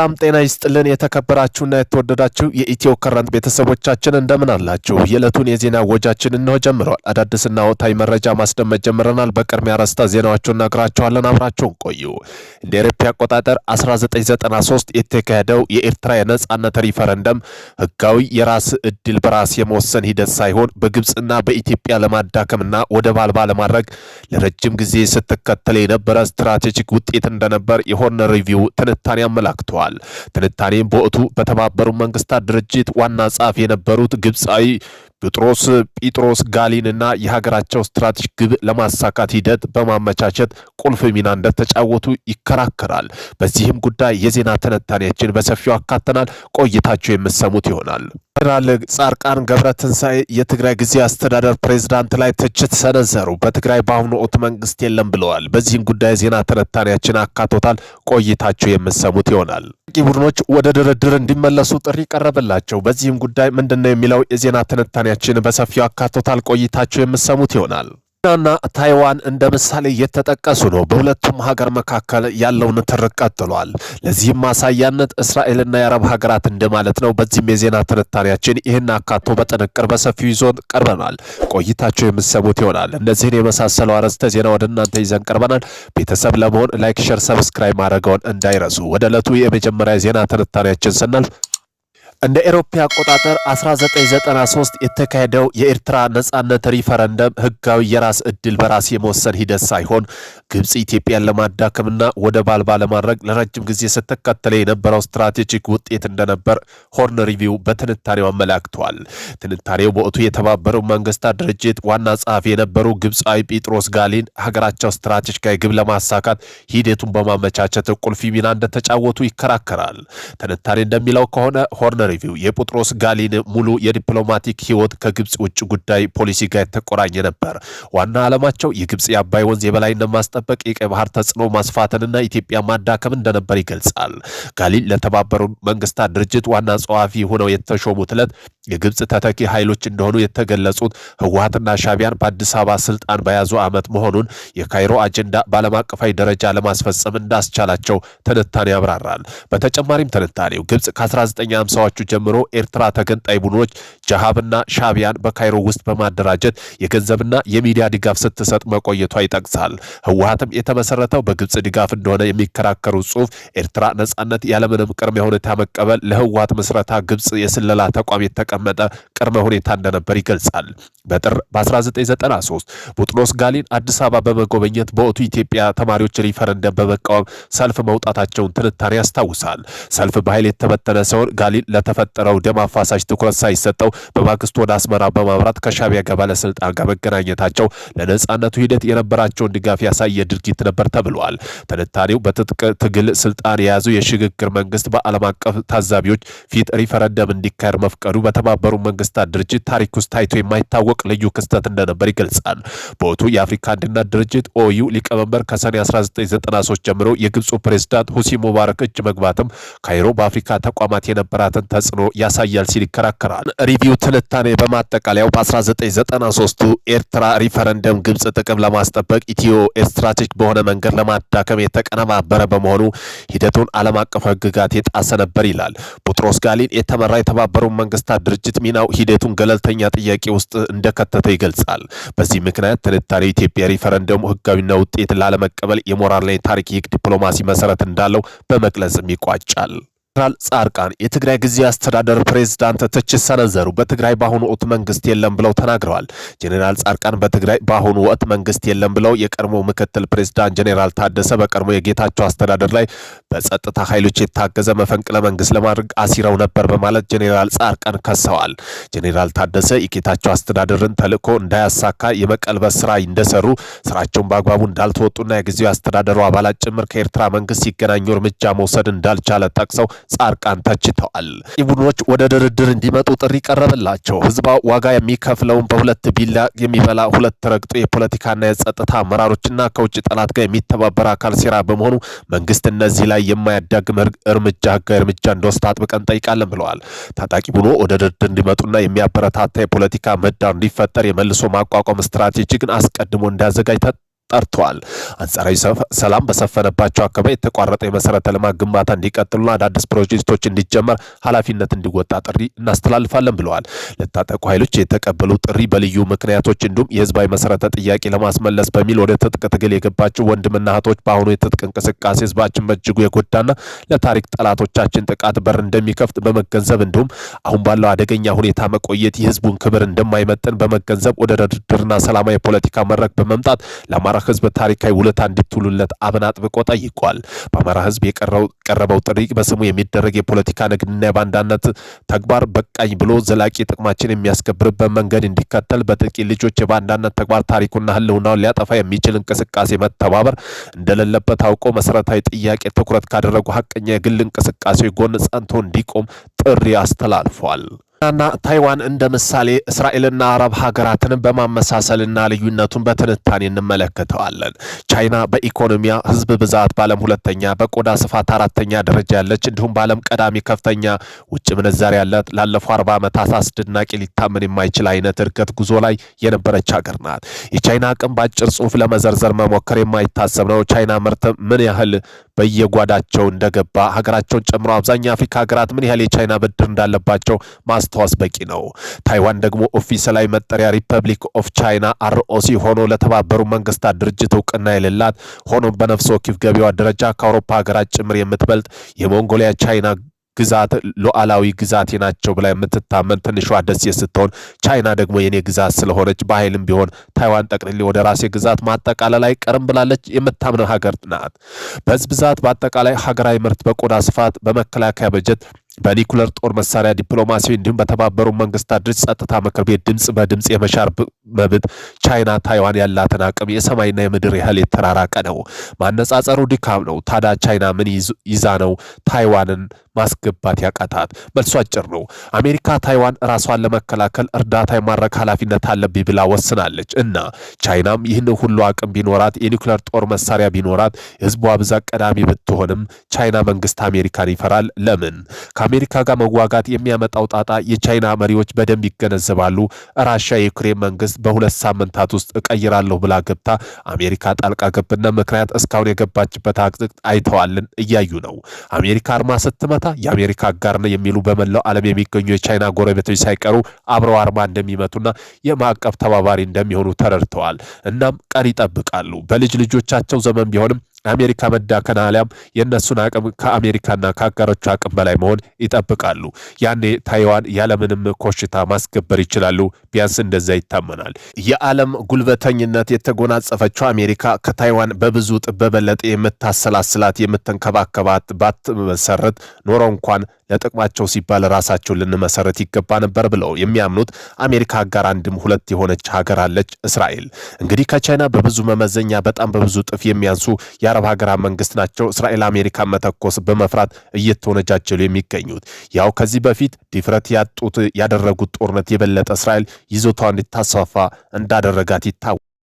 ሰላም ጤና ይስጥልን። የተከበራችሁና የተወደዳችሁ የኢትዮ ከረንት ቤተሰቦቻችን እንደምን አላችሁ? የዕለቱን የዜና ወጃችን እንሆ ጀምረዋል። አዳዲስና ወቅታዊ መረጃ ማስደመጥ ጀምረናል። በቅድሚያ ርዕሰ ዜናዎቹን እነግራችኋለን። አብራችሁን ቆዩ። እንደ አውሮፓ አቆጣጠር 1993 የተካሄደው የኤርትራ የነጻነት ሪፈረንደም ህጋዊ የራስ እድል በራስ የመወሰን ሂደት ሳይሆን በግብፅና በኢትዮጵያ ለማዳከምና ወደብ አልባ ለማድረግ ለረጅም ጊዜ ስትከተል የነበረ ስትራቴጂክ ውጤት እንደነበር የሆርን ሪቪው ትንታኔ አመላክተዋል። ተናግረዋል። ትንታኔም በወቅቱ በተባበሩ መንግስታት ድርጅት ዋና ጸሐፊ የነበሩት ግብፃዊ ጴጥሮስ ጴጥሮስ ጋሊንና የሀገራቸው ስትራቴጂክ ግብ ለማሳካት ሂደት በማመቻቸት ቁልፍ ሚና እንደተጫወቱ ይከራከራል። በዚህም ጉዳይ የዜና ትንታኔያችን በሰፊው አካተናል። ቆይታቸው የምሰሙት ይሆናል። ጀነራል ጻድቃን ትንሳኤ የትግራይ ጊዜ አስተዳደር ፕሬዝዳንት ላይ ትችት ሰነዘሩ። በትግራይ በአሁኑ ወቅት መንግስት የለም ብለዋል። በዚህም ጉዳይ ዜና ትንታኔያችን አካቶታል። ቆይታቸው የምሰሙት ይሆናል። ቂ ቡድኖች ወደ ድርድር እንዲመለሱ ጥሪ ቀረበላቸው። በዚህም ጉዳይ ነው የሚለው የዜና ትንታኔ ዘጋቢያችን በሰፊው አካቶታል። ቆይታቸው የምሰሙት ይሆናል። ና ታይዋን እንደ ምሳሌ የተጠቀሱ ነው። በሁለቱም ሀገር መካከል ያለውን ትርቅ ቀጥሏል። ለዚህም ማሳያነት እስራኤልና የአረብ ሀገራት እንደማለት ነው። በዚህም የዜና ትንታኔያችን ይህን አካቶ በጥንቅር በሰፊው ይዞን ቀርበናል። ቆይታቸው የምሰሙት ይሆናል። እነዚህን የመሳሰለው አርዕስተ ዜና ወደ እናንተ ይዘን ቀርበናል። ቤተሰብ ለመሆን ላይክ፣ ሸር፣ ሰብስክራይብ ማድረገውን እንዳይረሱ። ወደ ዕለቱ የመጀመሪያ ዜና ትንታኔያችን ስናልፍ እንደ ኤሮፓ አቆጣጠር 1993 የተካሄደው የኤርትራ ነጻነት ሪፈረንደም ህጋዊ የራስ እድል በራስ የመወሰን ሂደት ሳይሆን ግብፅ ኢትዮጵያን ለማዳከምና ወደ ባልባ ለማድረግ ለረጅም ጊዜ ስትከተለ የነበረው ስትራቴጂክ ውጤት እንደነበር ሆርን ሪቪው በትንታኔው አመላክተዋል። ትንታኔው በወቅቱ የተባበረው መንግስታት ድርጅት ዋና ጸሐፊ የነበሩ ግብፃዊ ጴጥሮስ ጋሊን ሀገራቸው ስትራቴጂካዊ ግብ ለማሳካት ሂደቱን በማመቻቸት ቁልፍ ሚና እንደተጫወቱ ይከራከራል። ትንታኔ እንደሚለው ከሆነ ሆርን ሪቪው የጴጥሮስ ጋሊን ሙሉ የዲፕሎማቲክ ህይወት ከግብፅ ውጭ ጉዳይ ፖሊሲ ጋር የተቆራኘ ነበር። ዋና ዓላማቸው የግብፅ የአባይ ወንዝ የበላይነት ማስጠ ማስጠበቅ፣ የቀይ ባህር ተጽዕኖ ማስፋትንና ኢትዮጵያ ማዳከም እንደነበር ይገልጻል። ጋሊል ለተባበሩት መንግስታት ድርጅት ዋና ጸሐፊ ሆነው የተሾሙት ዕለት የግብፅ ተተኪ ኃይሎች እንደሆኑ የተገለጹት ህወሀትና ሻቢያን በአዲስ አበባ ስልጣን በያዙ ዓመት መሆኑን የካይሮ አጀንዳ በዓለም አቀፋዊ ደረጃ ለማስፈጸም እንዳስቻላቸው ትንታኔ ያብራራል። በተጨማሪም ትንታኔው ግብፅ ከ1950ዎቹ ጀምሮ ኤርትራ ተገንጣይ ቡድኖች ጀሃብና ሻቢያን በካይሮ ውስጥ በማደራጀት የገንዘብና የሚዲያ ድጋፍ ስትሰጥ መቆየቷ ይጠቅሳል። ስርዓትም የተመሰረተው በግብፅ ድጋፍ እንደሆነ የሚከራከሩ ጽሁፍ ኤርትራ ነጻነት ያለምንም ቅድመ ሁኔታ መቀበል ለህወሀት መስረታ ግብፅ የስለላ ተቋም የተቀመጠ ቅድመ ሁኔታ እንደነበር ይገልጻል። በጥር በ1993 ቡጥኖስ ጋሊን አዲስ አበባ በመጎበኘት በወቅቱ ኢትዮጵያ ተማሪዎች ሪፈረንደም በመቃወም ሰልፍ መውጣታቸውን ትንታኔ ያስታውሳል። ሰልፍ በኃይል የተበተነ ሲሆን ጋሊን ለተፈጠረው ደም አፋሳሽ ትኩረት ሳይሰጠው በማግስቱ ወደ አስመራ በማምራት ከሻቢያ ገባለስልጣን ጋር መገናኘታቸው ለነጻነቱ ሂደት የነበራቸውን ድጋፍ ያሳያል። ያሳየ ድርጊት ነበር ተብሏል። ትንታኔው በትጥቅ ትግል ስልጣን የያዘው የሽግግር መንግስት በዓለም አቀፍ ታዛቢዎች ፊት ሪፈረንደም እንዲካሄድ መፍቀዱ በተባበሩ መንግስታት ድርጅት ታሪክ ውስጥ ታይቶ የማይታወቅ ልዩ ክስተት እንደነበር ይገልጻል። በወቅቱ የአፍሪካ አንድነት ድርጅት ኦዩ ሊቀመንበር ከሰኔ 1993 ጀምሮ የግብፁ ፕሬዝዳንት ሁሲ ሙባረክ እጅ መግባትም ካይሮ በአፍሪካ ተቋማት የነበራትን ተጽዕኖ ያሳያል ሲል ይከራከራል። ሪቪው ትንታኔ በማጠቃለያው በ1993 ኤርትራ ሪፈረንደም ግብፅ ጥቅም ለማስጠበቅ ኢትዮ ኤርትራ ስትራቴጂክ በሆነ መንገድ ለማዳከም የተቀነባበረ በመሆኑ ሂደቱን ዓለም አቀፍ ሕግጋት የጣሰ ነበር ይላል። ቡጥሮስ ጋሊን የተመራ የተባበሩት መንግስታት ድርጅት ሚናው ሂደቱን ገለልተኛ ጥያቄ ውስጥ እንደከተተ ይገልጻል። በዚህ ምክንያት ትንታኔ ኢትዮጵያ ሪፈረንደሙ ህጋዊና ውጤት ላለመቀበል የሞራልና የታሪክ ዲፕሎማሲ መሰረት እንዳለው በመግለጽም ይቋጫል። ጄኔራል ጻድቃን የትግራይ ጊዜያዊ አስተዳደር ፕሬዝዳንት ትችት ሰነዘሩ። በትግራይ በአሁኑ ወቅት መንግስት የለም ብለው ተናግረዋል። ጄኔራል ጻድቃን በትግራይ በአሁኑ ወቅት መንግስት የለም ብለው የቀድሞ ምክትል ፕሬዝዳንት ጄኔራል ታደሰ በቀድሞ የጌታቸው አስተዳደር ላይ በጸጥታ ኃይሎች የታገዘ መፈንቅለ መንግስት ለማድረግ አሲረው ነበር በማለት ጄኔራል ጻድቃን ከሰዋል። ጄኔራል ታደሰ የጌታቸው አስተዳደርን ተልዕኮ እንዳያሳካ የመቀልበስ ስራ እንደሰሩ፣ ስራቸውን በአግባቡ እንዳልተወጡና የጊዜያዊ አስተዳደሩ አባላት ጭምር ከኤርትራ መንግስት ሲገናኙ እርምጃ መውሰድ እንዳልቻለ ጠቅሰው ጻድቃን ተችተዋል። ቡድኖች ወደ ድርድር እንዲመጡ ጥሪ ቀረበላቸው። ህዝባ ዋጋ የሚከፍለውን በሁለት ቢላ የሚበላ ሁለት ረግጦ የፖለቲካና የጸጥታ አመራሮችና ከውጭ ጠላት ጋር የሚተባበር አካል ሴራ በመሆኑ መንግስት እነዚህ ላይ የማያዳግም እርምጃ ህጋዊ እርምጃ እንደወስድ አጥብቀን ጠይቃለን ብለዋል። ታጣቂ ቡድኖ ወደ ድርድር እንዲመጡና የሚያበረታታ የፖለቲካ ምህዳር እንዲፈጠር የመልሶ ማቋቋም ግን አስቀድሞ እንዳዘጋጅ ጠርተዋል። አንጻራዊ ሰላም በሰፈነባቸው አካባቢ የተቋረጠ የመሰረተ ልማት ግንባታ እንዲቀጥሉና አዳዲስ ፕሮጀክቶች እንዲጀመር ኃላፊነት እንዲወጣ ጥሪ እናስተላልፋለን ብለዋል። ለታጠቁ ኃይሎች የተቀበሉ ጥሪ በልዩ ምክንያቶች እንዲሁም የህዝባዊ መሰረተ ጥያቄ ለማስመለስ በሚል ወደ ትጥቅ ትግል የገባቸው ወንድምና እህቶች በአሁኑ የትጥቅ እንቅስቃሴ ህዝባችን በእጅጉ የጎዳና ለታሪክ ጠላቶቻችን ጥቃት በር እንደሚከፍት በመገንዘብ እንዲሁም አሁን ባለው አደገኛ ሁኔታ መቆየት የህዝቡን ክብር እንደማይመጥን በመገንዘብ ወደ ድርድርና ሰላማዊ የፖለቲካ መድረክ በመምጣት ለአማራ ህዝብ ታሪካዊ ውለታ እንድትውሉለት አብን አጥብቆ ጠይቋል። በአማራ ህዝብ የቀረበው ጥሪ በስሙ የሚደረግ የፖለቲካ ንግድና የባንዳነት ተግባር በቃኝ ብሎ ዘላቂ ጥቅማችን የሚያስከብርበት መንገድ እንዲከተል በጥቂት ልጆች የባንዳነት ተግባር ታሪኩና ህልውናውን ሊያጠፋ የሚችል እንቅስቃሴ መተባበር እንደሌለበት አውቆ መሰረታዊ ጥያቄ ትኩረት ካደረጉ ሀቀኛ የግል እንቅስቃሴ ጎን ጸንቶ እንዲቆም ጥሪ አስተላልፏል። ና ታይዋን እንደ ምሳሌ እስራኤልና አረብ ሀገራትን በማመሳሰልና ልዩነቱን በትንታኔ እንመለከተዋለን። ቻይና በኢኮኖሚያ ህዝብ ብዛት በዓለም ሁለተኛ፣ በቆዳ ስፋት አራተኛ ደረጃ ያለች እንዲሁም በዓለም ቀዳሚ ከፍተኛ ውጭ ምንዛሪ ያላት ላለፈው አርባ ዓመታት አስደናቂ ሊታመን የማይችል አይነት እድገት ጉዞ ላይ የነበረች ሀገር ናት። የቻይና አቅም በአጭር ጽሑፍ ለመዘርዘር መሞከር የማይታሰብ ነው። ቻይና ምርት ምን ያህል በየጓዳቸው እንደገባ ሀገራቸውን ጨምሮ አብዛኛው የአፍሪካ ሀገራት ምን ያህል የቻይና ብድር እንዳለባቸው ማስታወስ በቂ ነው። ታይዋን ደግሞ ኦፊሰላዊ መጠሪያ ሪፐብሊክ ኦፍ ቻይና አርኦሲ ሆኖ ለተባበሩ መንግስታት ድርጅት እውቅና የሌላት ሆኖም በነፍስ ወከፍ ገቢዋ ደረጃ ከአውሮፓ ሀገራት ጭምር የምትበልጥ የሞንጎሊያ ቻይና ግዛት ሉዓላዊ ግዛቴ ናቸው ብላ የምትታመን ትንሿ ደሴት ስትሆን ቻይና ደግሞ የኔ ግዛት ስለሆነች በኃይልም ቢሆን ታይዋን ጠቅልሌ ወደ ራሴ ግዛት ማጠቃለል አይቀርም ብላለች የምታምን ሀገር ናት። በዚ ብዛት፣ በአጠቃላይ ሀገራዊ ምርት፣ በቆዳ ስፋት፣ በመከላከያ በጀት በኒኩለር ጦር መሳሪያ ዲፕሎማሲ እንዲሁም በተባበሩ መንግስታት ድርጅት ጸጥታ ምክር ቤት ድምፅ በድምፅ የመሻር መብት ቻይና ታይዋን ያላትን አቅም የሰማይና የምድር ያህል የተራራቀ ነው። ማነጻጸሩ ድካም ነው። ታዲያ ቻይና ምን ይዛ ነው ታይዋንን ማስገባት ያቃታት? መልሶ አጭር ነው። አሜሪካ ታይዋን ራሷን ለመከላከል እርዳታ የማድረግ ኃላፊነት አለብኝ ብላ ወስናለች እና ቻይናም ይህን ሁሉ አቅም ቢኖራት የኒውክሌር ጦር መሳሪያ ቢኖራት የህዝቧ ብዛት ቀዳሚ ብትሆንም ቻይና መንግስት አሜሪካን ይፈራል። ለምን? ከአሜሪካ ጋር መዋጋት የሚያመጣው ጣጣ የቻይና መሪዎች በደንብ ይገነዘባሉ። ራሻ የዩክሬን መንግስት በሁለት ሳምንታት ውስጥ እቀይራለሁ ብላ ገብታ አሜሪካ ጣልቃ ገብና ምክንያት እስካሁን የገባችበት አቅጥቅጥ አይተዋልን እያዩ ነው። አሜሪካ አርማ ስትመታ የአሜሪካ አጋር ነው የሚሉ በመላው ዓለም የሚገኙ የቻይና ጎረቤቶች ሳይቀሩ አብረው አርማ እንደሚመቱና የማዕቀብ ተባባሪ እንደሚሆኑ ተረድተዋል። እናም ቀን ይጠብቃሉ። በልጅ ልጆቻቸው ዘመን ቢሆንም አሜሪካ መዳከን አሊያም የእነሱን አቅም ከአሜሪካና ከአጋሮቹ አቅም በላይ መሆን ይጠብቃሉ። ያኔ ታይዋን ያለምንም ኮሽታ ማስገበር ይችላሉ። ቢያንስ እንደዛ ይታመናል። የዓለም ጉልበተኝነት የተጎናጸፈችው አሜሪካ ከታይዋን በብዙ ጥብ በበለጠ የምታሰላስላት የምትንከባከባት ባትመሰረት ኖሮ እንኳን ለጥቅማቸው ሲባል ራሳቸውን ልንመሰረት ይገባ ነበር ብለው የሚያምኑት አሜሪካ አጋር አንድም ሁለት የሆነች ሀገር አለች፣ እስራኤል። እንግዲህ ከቻይና በብዙ መመዘኛ በጣም በብዙ ጥፍ የሚያንሱ የአረብ ሀገራት መንግስት ናቸው እስራኤል አሜሪካ መተኮስ በመፍራት እየተወነጃጀሉ የሚገኙት። ያው ከዚህ በፊት ድፍረት ያጡት ያደረጉት ጦርነት የበለጠ እስራኤል ይዞታዋ እንድታስፋፋ እንዳደረጋት ይታወ